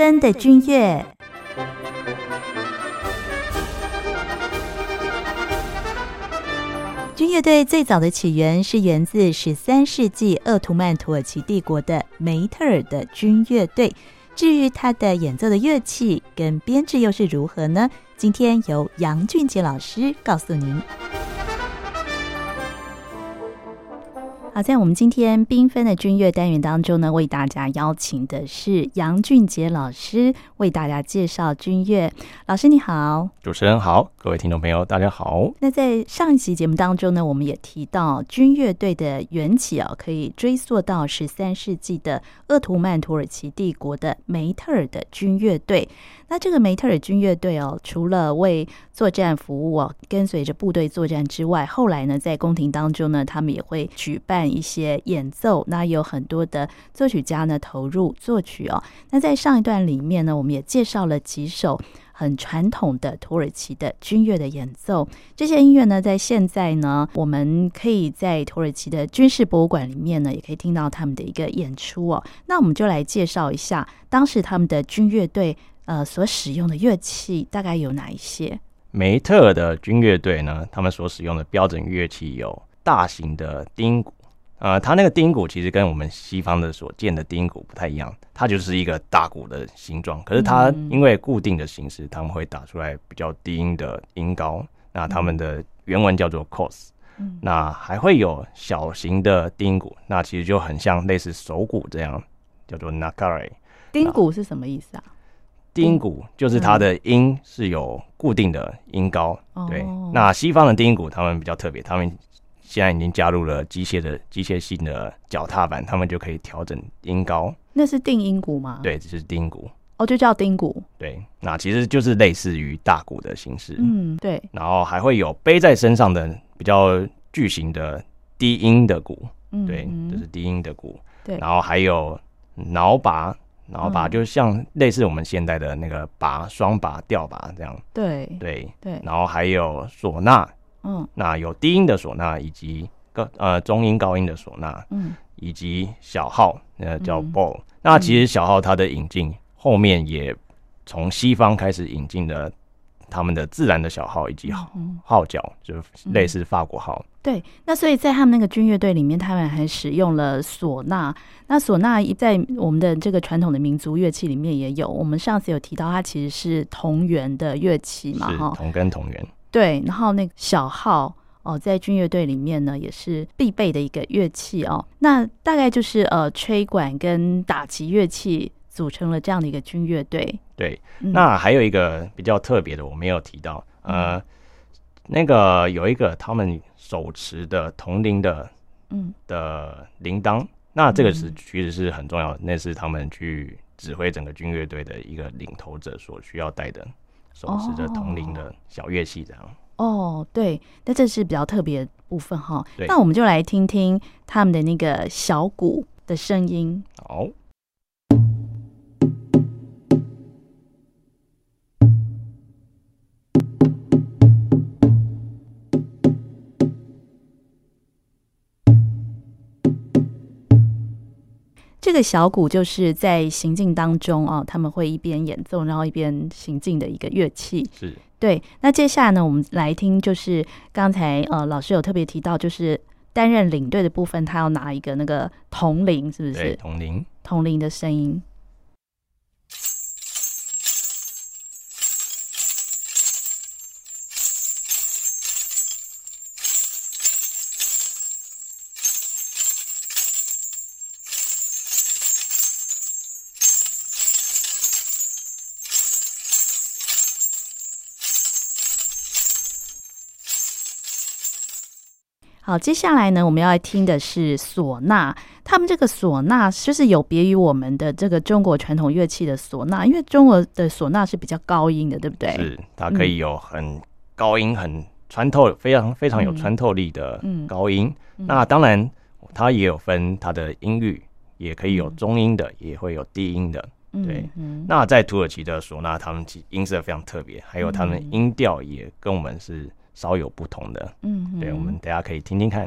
的軍樂，軍對樂隊最早的起源是源自十三世紀鄂圖曼土耳其帝國的梅特爾的軍樂隊。至於他的演奏的樂器跟編制又是如何呢？今天由楊俊傑老師告訴您。好，在我們今天繽紛的軍樂單元當中呢，為大家邀請的是楊俊傑老師，為大家介紹軍樂。老師你好，主持人好，各位聽眾朋友大家好。那在上一期節目當中呢，我們也提到軍樂隊的源起哦，可以追溯到十三世紀的鄂圖曼土耳其帝國的梅特爾的軍樂隊。那這個梅特爾軍樂隊哦，除了為作戰服務哦、啊，跟隨着部隊作戰之外，後來呢，在宮廷當中呢，他們也會舉辦一些演奏。那有很多的作曲家呢，投入作曲哦。那在上一段裡面呢，我們也介紹了幾首很傳統的土耳其的軍樂的演奏。這些音樂呢，在現在呢，我們可以在土耳其的軍事博物館裡面呢，也可以聽到他們的一個演出哦。那我們就來介紹一下當時他們的軍樂隊呃所使用的樂器大概有哪一些。梅特的軍樂隊呢，他們所使用的標準樂器有大型的釘鼓，呃，它那個釘鼓其實跟我們西方的所見的釘鼓不太一樣，它就是一個大鼓的形狀，可是它因為固定的形式，他們會打出來比較低音的音高。那他們的原文叫做 cos，那還會有小型的釘鼓，那其實就很像類似手鼓這樣，叫做 nakari。釘鼓是什麼意思啊？定音鼓 就是它的音是有固定的音高，嗯、對。哦、那西方的定音鼓他們比較特別，他們現在已經加入了機械的機械性的腳踏板，他們就可以調整音高。那是定音鼓嗎？對，這是定音鼓。哦，就叫定鼓。對，那其實就是類似於大鼓的形式。嗯，對。然後還會有背在身上的比較巨型的低音的鼓，嗯，對，這、就是低音的鼓。對，然後還有鐃鈸。然後把，就像類似我們現代的那個拔雙拔吊拔這樣，對對對，對然後還有嗩吶，嗯，那有低音的嗩吶以及各呃中音高音的嗩吶，嗯，以及小號，呃，那個，叫 ball，嗯，那其實小號它的引進，嗯，後面也從西方開始引進的。他們的自然的小號以及號號角，就是類似法國號。嗯，對，那所以在他們那個軍樂隊裡面，他們還使用了嗩吶。那嗩吶一在我們的這個傳統的民族樂器裡面也有。我們上次有提到，它其實是同源的樂器嘛，同根同源。對，然後那個小號哦，在軍樂隊裡面呢，也是必備的一個樂器哦。那大概就是呃，吹管跟打擊樂器組成了這樣的一個軍樂隊。對，嗯、那還有一個比較特別的，我沒有提到，呃，嗯、那個有一個他們手持的銅鈴的，嗯，的鈴鐺，那這個是其實是很重要的，那是他們去指揮整個軍樂隊的一個領頭者所需要帶的，手持的銅鈴的小樂器這樣哦。哦，對，那這是比較特別部分哈。對那我們就來聽聽他們的那個小鼓的聲音。好。這個小鼓就是在行進當中啊、哦，他們會一邊演奏，然後一邊行進的一個樂器。是對。那接下來呢，我們來聽，就是剛才呃老師有特別提到，就是擔任領隊的部分，他要拿一個那個銅鈴，是不是？對，銅鈴，銅鈴的聲音。好，接下來呢，我們要來聽的是嗩吶。他們這個嗩吶，就是有別於我們的這個中國傳統樂器的嗩吶，因為中國的嗩吶是比較高音的，對不對？是，它可以有很高音、嗯、很穿透、非常非常有穿透力的高音。嗯嗯、那當然，它也有分它的音域，也可以有中音的，嗯、也會有低音的。對，嗯嗯、那在土耳其的嗩吶，他們其音色非常特別，還有他們音調也跟我們是。稍有不同的，嗯哼，對，我們大家可以聽聽看。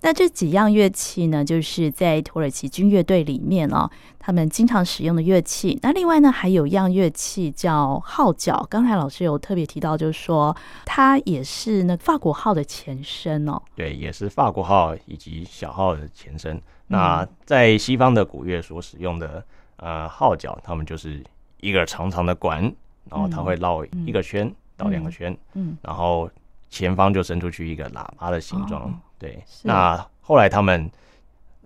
那這幾樣樂器呢，就是在土耳其軍樂隊裡面哦，他們經常使用的樂器。那另外呢，還有一樣樂器叫號角。剛才老師有特別提到，就是說它也是那法國號的前身哦。對，也是法國號以及小號的前身。那在西方的古樂所使用的、嗯、呃號角，他們就是一個長長的管，然後它會繞一個圈到兩個圈，嗯，嗯嗯，然後。前方就伸出去一個喇叭的形狀，哦、對。是那後來他們，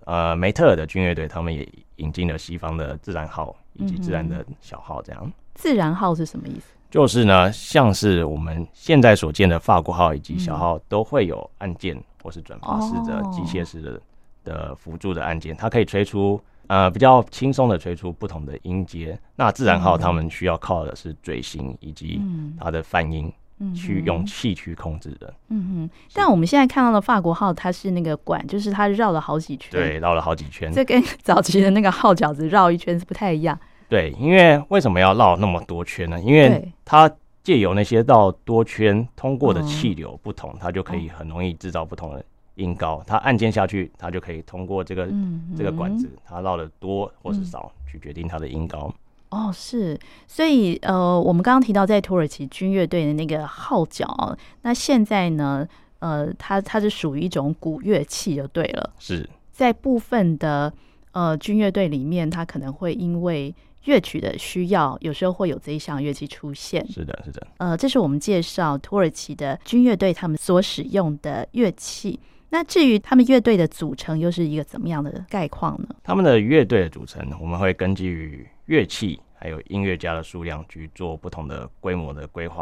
呃，梅特爾的軍樂隊，他們也引進了西方的自然號以及自然的小號，這樣。自然號是什麼意思？就是呢，像是我們現在所見的法國號以及小號、嗯、都會有按鍵或是轉閥式的、機械式的的輔助的按鍵，哦、它可以吹出呃比較輕鬆的吹出不同的音階。那自然號他們需要靠的是嘴型以及它的泛音。嗯嗯去用氣去控制的，嗯哼。但我們現在看到的法國號，它是那個管，就是它繞了好幾圈，對，繞了好幾圈。這跟早期的那個號角子繞一圈是不太一樣。對，因為為什麼要繞那麼多圈呢？因為它借由那些繞多圈通過的氣流不同，它就可以很容易制造不同的音高。嗯、哼它按鍵下去，它就可以通過這個、嗯、哼這個管子，它繞的多或是少，去決定它的音高。哦，oh, 是，所以呃，我們剛剛提到在土耳其軍樂隊的那個號角，那現在呢，呃，它它是屬於一種古樂器就對了。是，在部分的呃軍樂隊裡面，它可能會因為樂曲的需要，有時候會有這一項樂器出現。是的，是的。呃，這是我們介紹土耳其的軍樂隊他們所使用的樂器。那至於他們樂隊的組成又是一個怎麼樣的概況呢？他們的樂隊的組成，我們會根據於。樂器還有音樂家的數量去做不同的規模的規劃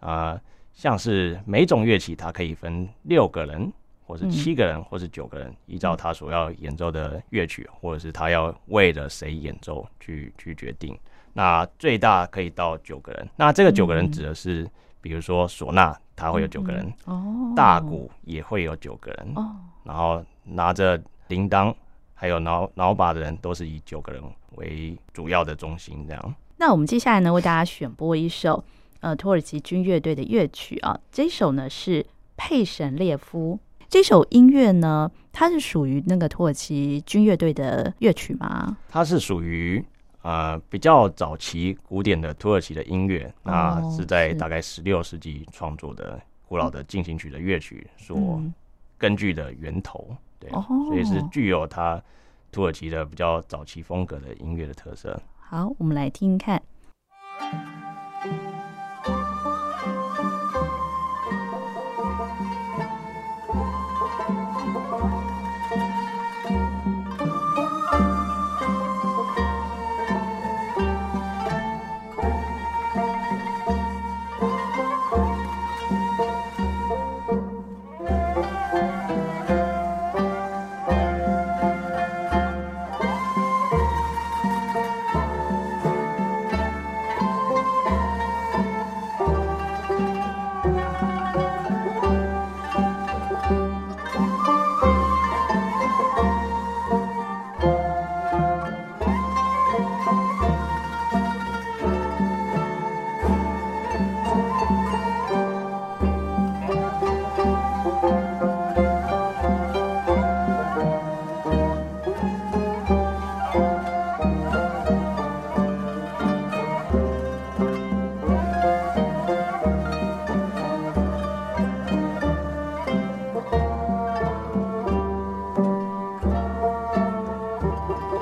啊、呃，像是每種樂器它可以分六個人，或是七個人，或是九個人，嗯、依照他所要演奏的樂曲，或者是他要為了誰演奏去去決定。那最大可以到九個人。那這個九個人指的是，嗯、比如說嗩吶，它會有九個人；嗯嗯大鼓也會有九個人，哦、然後拿着鈴鐺。還有腦腦把的人都是以九個人為主要的中心這樣。那我們接下來呢，為大家選播一首呃土耳其軍樂隊的樂曲啊。這首呢是佩什列夫。這首音樂呢，它是屬於那個土耳其軍樂隊的樂曲嗎？它是屬於啊比較早期古典的土耳其的音樂，那、哦啊、是在大概十六世紀創作的是古老的進行曲的樂曲所根據的源頭。嗯嗯對，oh. 所以是具有他土耳其的比較早期風格的音樂的特色。Oh. 好，我們來聽聽看。嗯嗯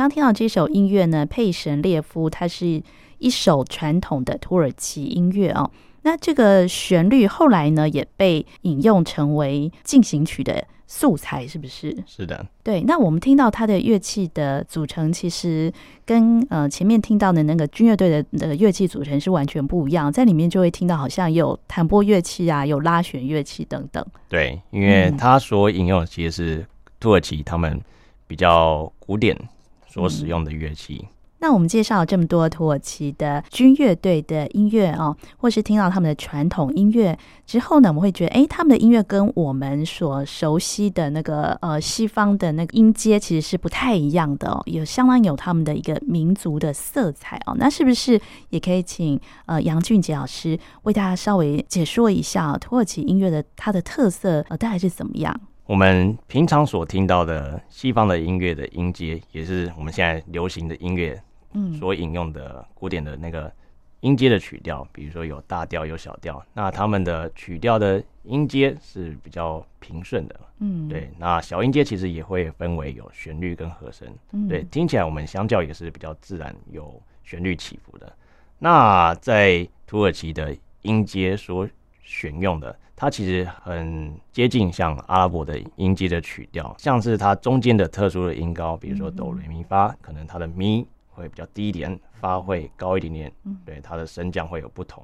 剛聽到這首音樂呢，佩什列夫，他是一首傳統的土耳其音樂哦。那這個旋律後來呢，也被引用成為進行曲的素材，是不是？是的。對，那我們聽到他的樂器的組成，其實跟呃前面聽到的那個軍樂隊的那個樂器組成是完全不一樣。在裡面就會聽到好像有彈撥樂器啊，有拉弦樂器等等。對，因為他所引用的其實是土耳其他們比較古典。所使用的樂器。嗯，那我們介紹了這麼多土耳其的軍樂隊的音樂哦，或是聽到他們的傳統音樂之後呢，我們會覺得，哎，他們的音樂跟我們所熟悉的那個呃西方的那個音階其實是不太一樣的哦，有相當有他們的一個民族的色彩哦。那是不是也可以請呃楊俊傑老師為大家稍微解說一下土耳其音樂的它的特色呃，大概是怎麼樣？我們平常所聽到的西方的音樂的音階，也是我們現在流行的音樂，嗯，所引用的古典的那個音階的曲調，嗯，比如說有大調有小調，那他們的曲調的音階是比較平順的，嗯，對。那小音階其實也會分為有旋律跟和聲，嗯，對，聽起來我們相較也是比較自然有旋律起伏的。那在土耳其的音階所選用的。它其實很接近像阿拉伯的音階的曲調，像是它中間的特殊的音高，比如說哆、來、咪、發，可能它的咪會比較低一點，發會高一點點，對，它的升降會有不同。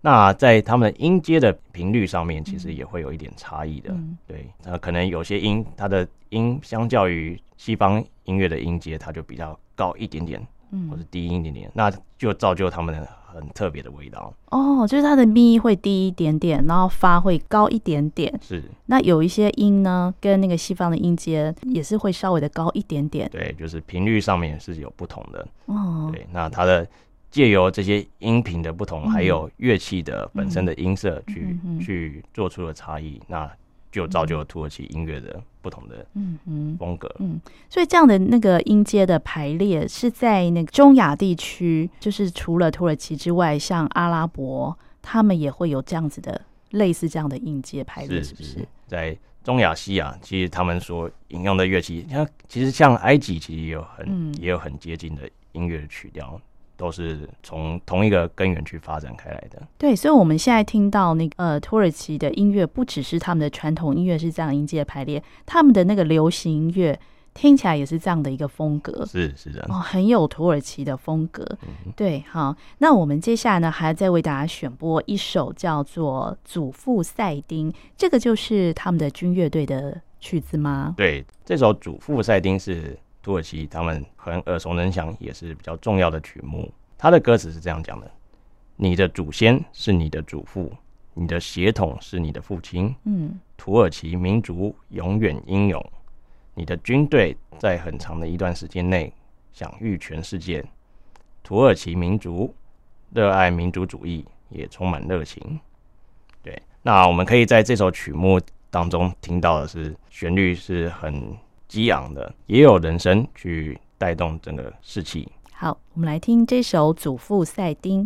那在它們音階的頻率上面，其實也會有一點差異的。對，那可能有些音，它的音相較於西方音樂的音階，它就比較高一點點。嗯，或是低音一點點，那就造就它們很特別的味道哦。就是它的咪會低一點點，然後發會高一點點。是，那有一些音呢，跟那個西方的音階也是會稍微的高一點點。對，就是頻率上面是有不同的哦。對，那它的借由這些音頻的不同，還有樂器的本身的音色去、嗯哼、去做出的差異，那。就造就了土耳其音樂的不同的嗯嗯風格嗯，嗯，所以這樣的那個音階的排列是在那個中亞地區，就是除了土耳其之外，像阿拉伯，他們也會有這樣子的類似這樣的音階排列，是不是？是，是在中亞西亞，其實他們所引用的樂器，像其實像埃及，其實也有很、嗯、也有很接近的音樂曲調。都是從同一個根源去發展開來的。對，所以我們現在聽到那個呃土耳其的音樂，不只是他們的傳統音樂是這樣的音階排列，他們的那個流行音樂聽起來也是這樣的一個風格。是是的，哦，很有土耳其的風格。嗯、對，好，那我們接下來呢還要再為大家選播一首叫做《祖父賽丁》，這個就是他們的軍樂隊的曲子嗎？對，這首《祖父賽丁》是。土耳其，他們很耳熟能詳，也是比較重要的曲目。它的歌詞是這樣講的：“你的祖先是你的祖父，你的血統是你的父親。”嗯，土耳其民族永遠英勇，你的軍隊在很長的一段時間內享譽全世界。土耳其民族熱愛民族主義，也充滿熱情。對，那我們可以在這首曲目當中聽到的是旋律是很。激昂的，也有人聲去帶動整個士氣。好，我們來聽這首《祖父賽丁》。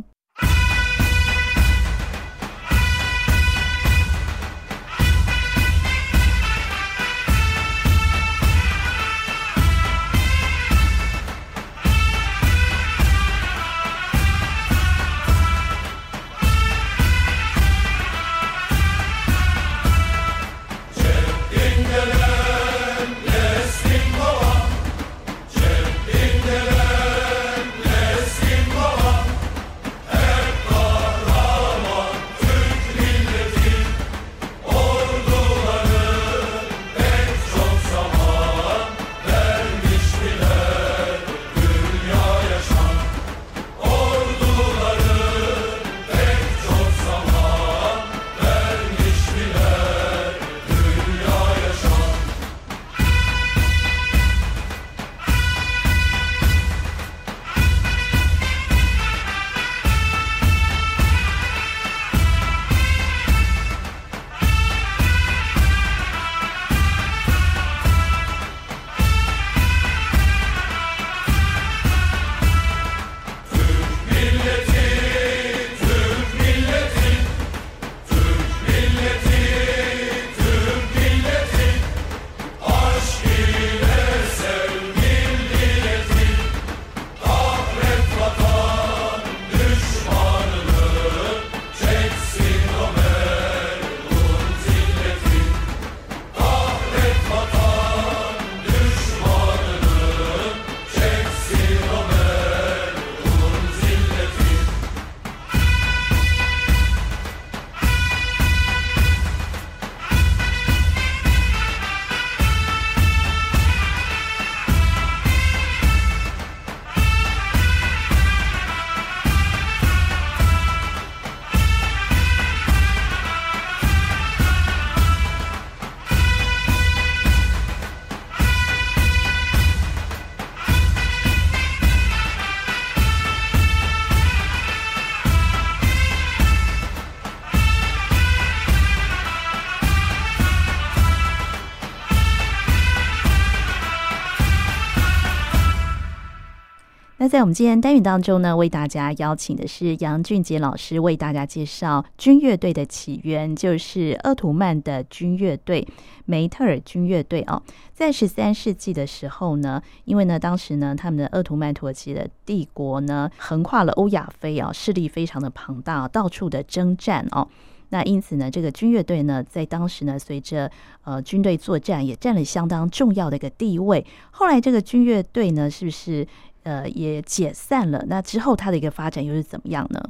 在我們今天單元當中呢，為大家邀請的是楊俊杰老師，為大家介紹軍樂隊的起源，就是鄂圖曼的軍樂隊——梅特爾軍樂隊。哦，在十三世紀的時候呢，因為呢，當時呢，他們的鄂圖曼土耳其的帝國呢，橫跨了歐亞非啊，哦，勢力非常的龐大，到處的征戰哦。那因此呢，這個軍樂隊呢，在當時呢，隨着呃軍隊作戰，也占了相當重要的一個地位。後來這個軍樂隊呢，是不是？呃，也解散了。那之後，它的一個發展又是怎麼樣呢？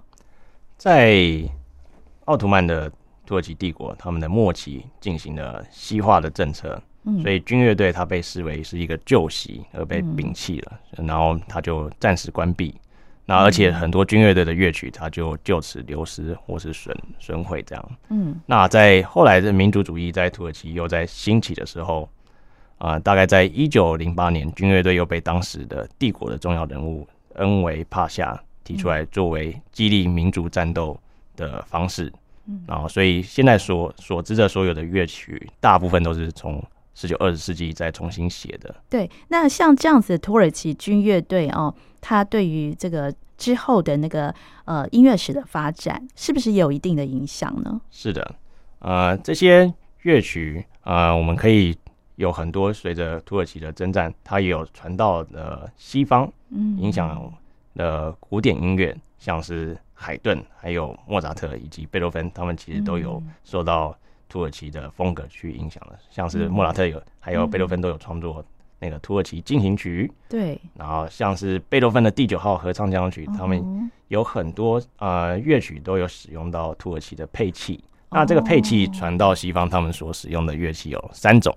在鄂圖曼的土耳其帝國，他們的末期進行了西化的政策，嗯、所以軍樂隊它被視為是一個舊習而被摒棄了，嗯、然後它就暫時關閉。嗯、那而且很多軍樂隊的樂曲，它就就此流失或是損損毀這樣。嗯，那在後來的民族主、主義在土耳其又在興起的時候。啊、呃，大概在一九零八年，軍樂隊又被當時的帝國的重要人物恩維帕夏提出來作為激勵民族戰鬥的方式。嗯，然後所以現在所所知的所有的樂曲，大部分都是從十九二十世紀再重新寫的。對，那像這樣子的土耳其軍樂隊哦，它對於這個之後的那個呃音樂史的發展，是不是有一定的影響呢？是的，呃，這些樂曲呃，我們可以、嗯。有很多隨着土耳其的征戰，它也有傳到呃西方，影響了古典音樂，嗯、像是海頓、還有莫扎特以及貝多芬，他們其實都有受到土耳其的風格去影響的。嗯、像是莫扎特有，嗯、還有貝多芬都有創作那個土耳其進行曲。對，然後像是貝多芬的第九號合唱交響曲，他們有很多、嗯、呃樂曲都有使用到土耳其的配器。那這個配器傳到西方，他們所使用的樂器有三種。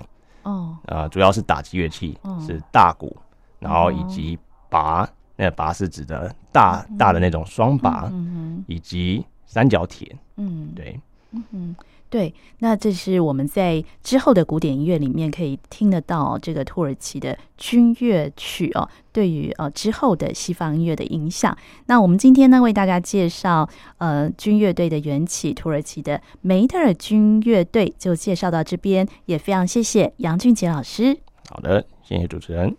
哦，oh. 呃，主要是打擊樂器，oh. 是大鼓，然後以及拔，oh. 那拔是指的大大的那種雙拔，mm hmm. 以及三角鐵，嗯、mm，hmm. 對，嗯、mm。Hmm. 對，那這是我們在之後的古典音樂裡面可以聽得到這個土耳其的軍樂曲哦，對於呃之後的西方音樂的影響。那我們今天呢為大家介紹呃軍樂隊的源起，土耳其的梅特爾軍樂隊就介紹到這邊，也非常謝謝楊俊傑老師。好的，謝謝主持人。